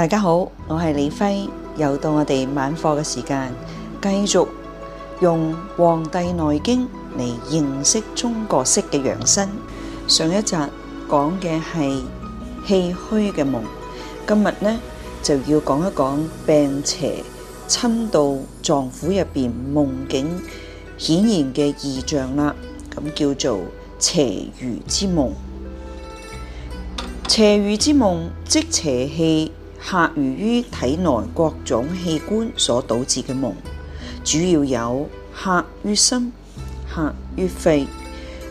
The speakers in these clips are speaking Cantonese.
大家好，我係李輝，又到我哋晚課嘅時間，繼續用《黃帝內經》嚟認識中國式嘅養生。上一集講嘅係氣虛嘅夢，今日呢就要講一講病邪侵到臟腑入面夢境顯現嘅異象啦，咁叫做邪寓之夢。邪寓之夢即邪氣，客於於體內各種器官所導致嘅夢，主要有客於心、客於肺、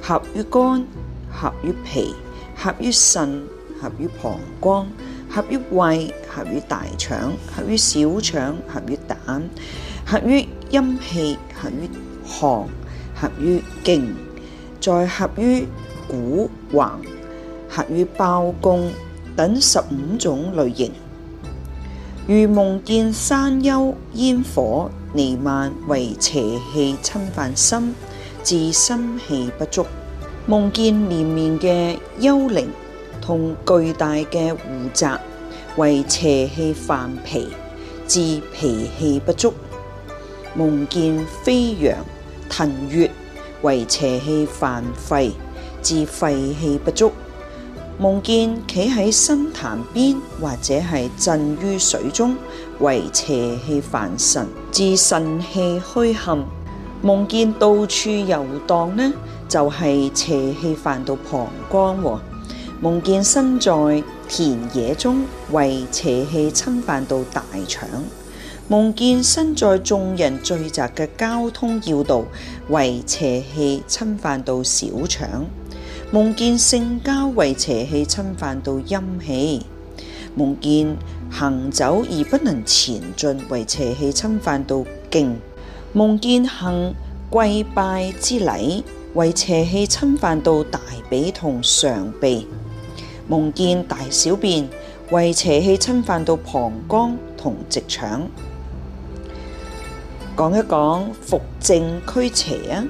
客於肝、客於脾、客於腎、客於膀胱、客於胃、客於大腸、客於小腸、客於膽、客於陰器、客於寒、客於脛，再客於股肱、客於胞䐐等十五種類型。如夢見山丘煙火瀰漫，為邪氣侵犯心，致心氣不足；夢見連綿嘅幽靈同巨大嘅湖澤，為邪氣犯脾，致脾氣不足；夢見飛揚騰越，為邪氣犯肺，致肺氣不足。夢見企喺深潭邊，或者係浸於水中，為邪氣犯腎，致腎氣虛陷；夢見到處遊蕩呢，就係、是、邪氣犯到膀胱；夢見身在田野中，為邪氣侵犯到大腸；夢見身在眾人聚集嘅交通要道，為邪氣侵犯到小腸。夢見性交為邪氣侵犯到陰氣，夢見行走而不能前進為邪氣侵犯到脛，夢見行跪拜之禮為邪氣侵犯到大髀同上臂，夢見大小便為邪氣侵犯到膀胱同直腸。講一講扶正祛邪啊！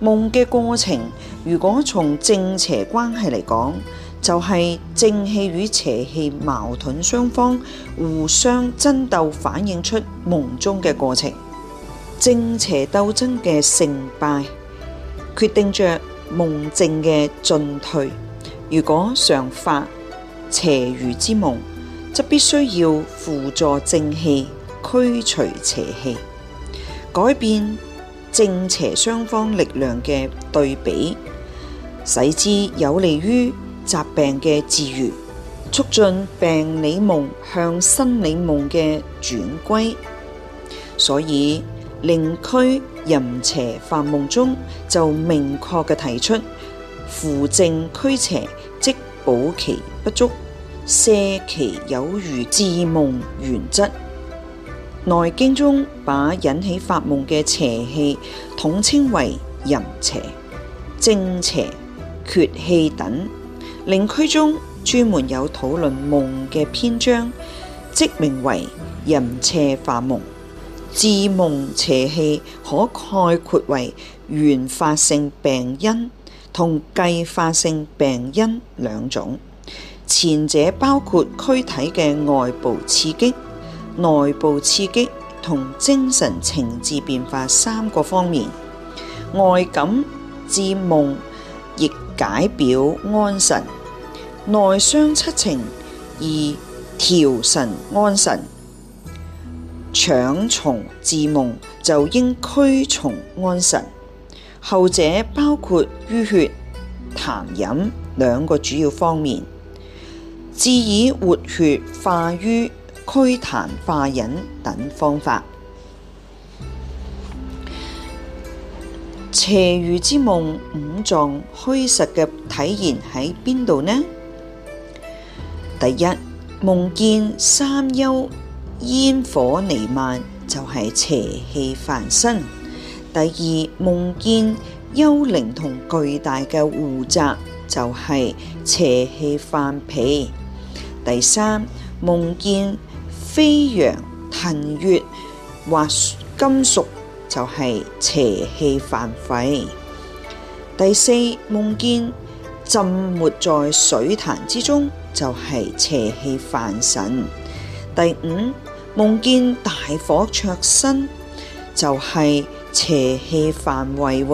夢嘅過程，如果從正邪關係嚟講，就係、是、正氣與邪氣矛盾雙方互相爭鬥，反映出夢中嘅過程。正邪鬥爭嘅成敗，決定着夢境嘅進退。如果常發邪寓之夢，則必須要輔助正氣，驅除邪氣，改變。正邪雙方力量嘅對比，使之有利於疾病嘅治癒，促進病理夢向生理夢嘅轉歸。所以，靈樞淫邪發夢中就明確嘅提出扶正驅邪，即補其不足，瀉其有餘治夢原則。內經中把引起發夢嘅邪氣統稱為淫邪、正邪、厥氣等。靈樞中專門有討論夢嘅篇章，即名為淫邪發夢。致夢邪氣可概括為原發性病因同繼發性病因兩種。前者包括軀體嘅外部刺激。內部刺激同精神情志變化三個方面，外感致夢亦解表安神，內傷七情而調神安神，腸蟲致夢就應驅蟲安神，後者包括瘀血痰飲兩個主要方面，治以活血化瘀。開痰化飲等方法，邪欲之夢，五臟虛實嘅體現喺邊度呢？第一，夢見三幽煙火彌漫，就係、是、邪氣泛身；第二，夢見幽靈同巨大嘅護宅，就係、是、邪氣犯脾；第三，夢見。飛揚騰躍或金屬，就係、是、邪氣犯肺。第四，夢見浸沒在水潭之中，就係、是、邪氣犯腎。第五，夢見大火灼身，就係、是、邪氣犯胃。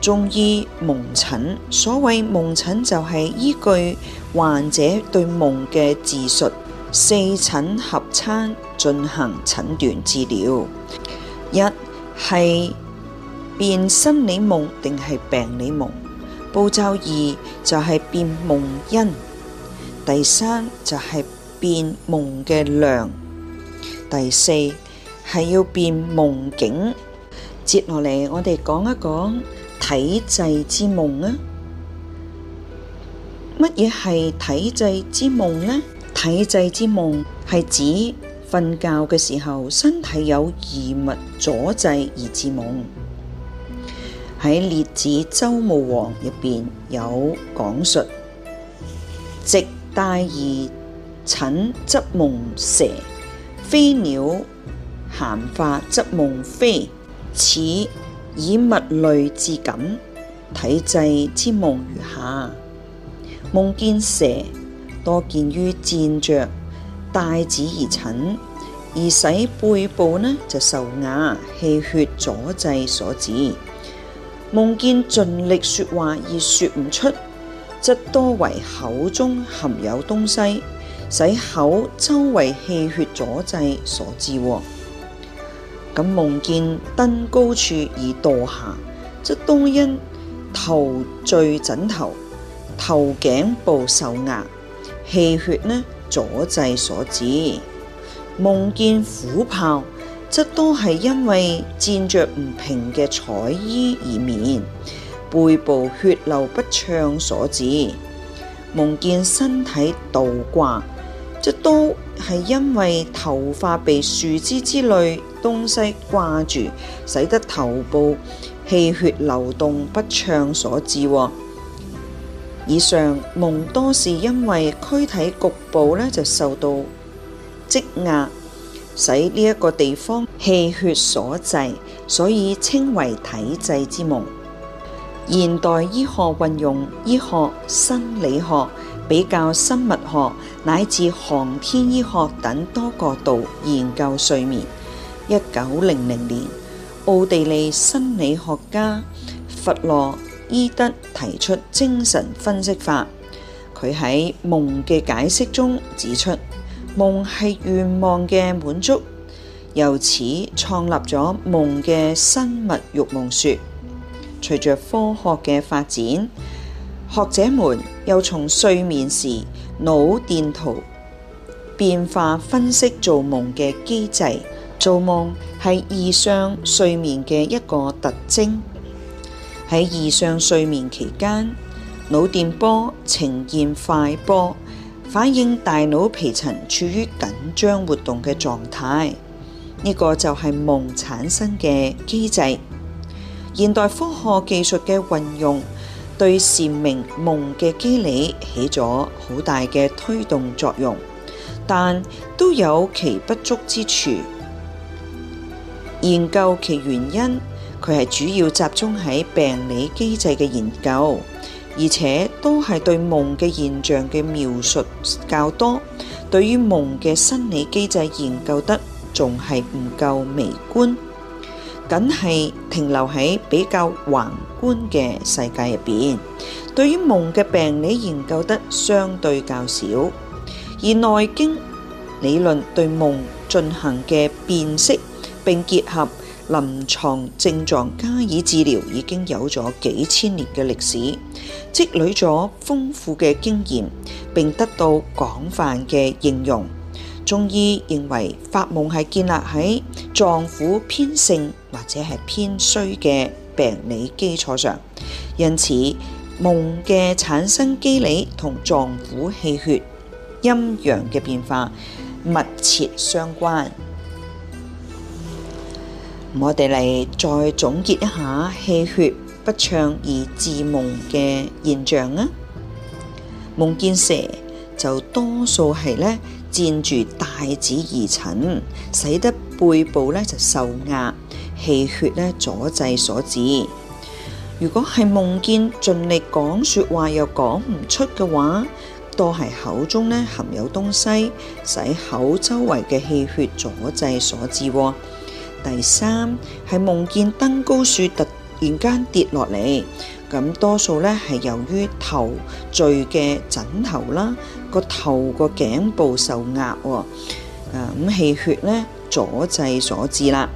中醫夢診，所謂夢診就係依據患者對夢嘅自述。四診合參進行診斷治療。一係變心理夢定係病理夢。步驟二就係變夢因。第三就係變夢嘅量。第四係要變夢境。接落嚟，我哋講一講體滯之夢啊！乜嘢係體滯之夢呢？體滯之夢係指瞓覺嘅時候，身體有異物阻滯而致夢。喺《列子·周穆王》入邊有講述，直帶而寢則夢蛇，飛鳥閒化則夢飛。此以物類之感，體滯之夢如下：夢見蛇。多見於站着帶子而診，而使背部呢就受壓，氣血阻滯所致。夢見盡力說話而說唔出，則多為口中含有東西，使口周圍氣血阻滯所致。咁夢見登高處而墮下，則多因頭墜枕頭、頭頸部受壓，氣血呢阻滯所致，夢見虎豹，則都係因為站着唔平嘅彩衣而眠，背部血流不暢所致；夢見身體倒掛，則都係因為頭髮被樹枝之類東西掛住，使得頭部氣血流動不暢所致。以上夢多是因為軀體局部咧就受到積壓，使呢一個地方氣血所滯，所以稱為體滯之夢。現代醫學運用醫學、生理學、比較生物學乃至航天醫學等多角度研究睡眠。一九零零年，奧地利生理學家弗洛伊德提出精神分析法，佢喺夢嘅解釋中指出，夢係願望嘅滿足，由此創立咗夢嘅生物欲望說。隨着科學嘅發展，學者們又從睡眠時腦電圖變化分析做夢嘅機制，做夢係異相睡眠嘅一個特徵。喺異常睡眠期間，腦電波呈現快波，反映大腦皮層處於緊張活動嘅狀態。呢、這個就係夢產生嘅機制。現代科學技術嘅運用，對闡明夢嘅機理起咗好大嘅推動作用，但都有其不足之處。研究其原因。佢係主要集中喺病理機制嘅研究，而且都係對夢嘅現象嘅描述較多，對於夢嘅生理機制研究得仲係唔夠微觀，僅係停留喺比較宏觀嘅世界入邊。對於夢嘅病理研究得相對較少，而內經理論對夢進行嘅辨識，並結合。臨床症狀加以治療已經有咗幾千年嘅歷史，積累咗豐富嘅經驗，並得到廣泛嘅應用。中醫認為發夢係建立喺臟腑偏盛或者係偏衰嘅病理基礎上，因此夢嘅產生機理同臟腑氣血陰陽嘅變化密切相關。我哋嚟再總結一下氣血不暢而致夢嘅現象啊！夢見蛇就多數係咧佔住大指而枕，使得背部咧就受壓，氣血咧阻滯所致。如果係夢見盡力講說話又講唔出嘅話，都係口中咧含有東西，使口周圍嘅氣血阻滯所致哦。第三係夢見登高樹突然間跌落嚟，咁多數咧係由於頭墜嘅枕頭啦，個頭個頸部受壓，誒咁氣血咧阻滯所致啦。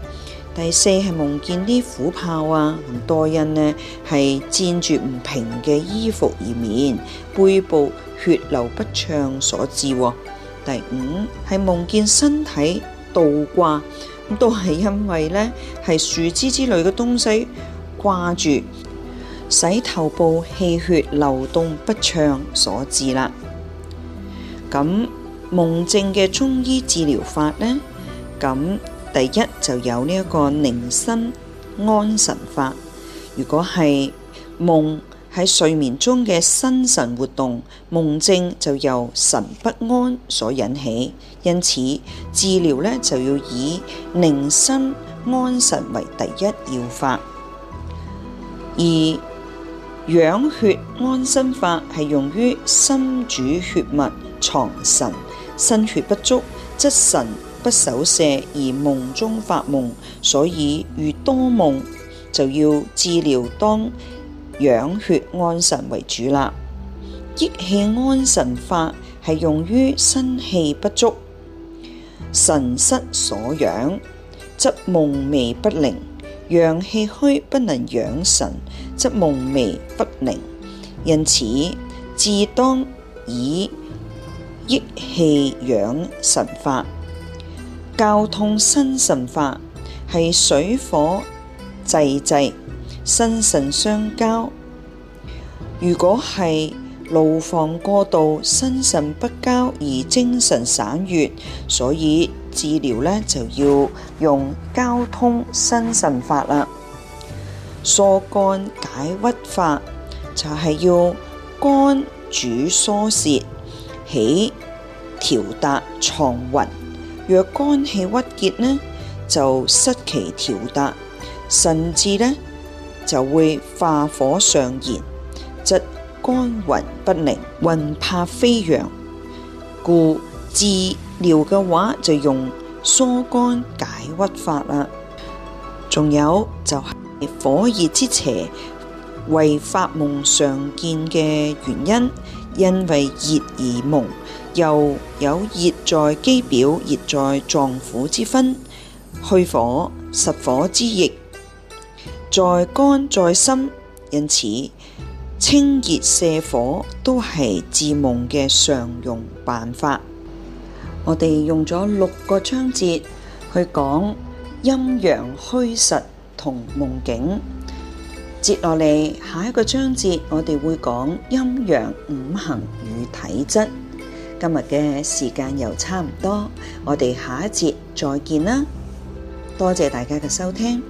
第四係夢見啲虎豹啊，多因咧係沾住唔平嘅衣服而眠，背部血流不暢所致。第五係夢見身體倒掛。咁都係因為咧，係樹枝之類嘅東西掛住，使頭部氣血流動不暢所致啦。咁夢症嘅中醫治療法咧，咁第一就有呢一個寧心安神法。如果係夢，喺睡眠中嘅心神活動，夢症就由神不安所引起，因此治療呢就要以寧心安神為第一要法。而養血安神法係用於心主血脈藏神，心血不足則神不守舍而夢中發夢，所以遇多夢就要治療當。養血安神為主啦，益氣安神法係用於心氣不足、神失所養，則夢寐不寧；陽氣虛不能養神，則夢寐不寧。因此，治當以益氣養神法、交通心神法係水火既濟。心神相交，如果係怒放過度，心神不交而精神散越，所以治療呢就要用交通心神法啦。疏肝解鬱法就係要肝主疏泄，起調達藏鬱。若肝氣鬱結呢，就失其調達，甚至呢。就會化火上炎，則肝魂不寧，魂魄飛揚，故治療嘅話就用疏肝解鬱法啦。仲有就係火熱之邪為發夢常見嘅原因，因為熱而夢，又有熱在肌表、熱在臟腑之分，虛火、實火之熱。在肝在心，因此清熱瀉火都係治夢嘅常用辦法。我哋用咗六個章節去講陰陽虛實同夢境。接落嚟，下一個章節，我哋會講陰陽五行與體質。今日嘅時間又差唔多，我哋下一節再見啦！多謝大家嘅收聽。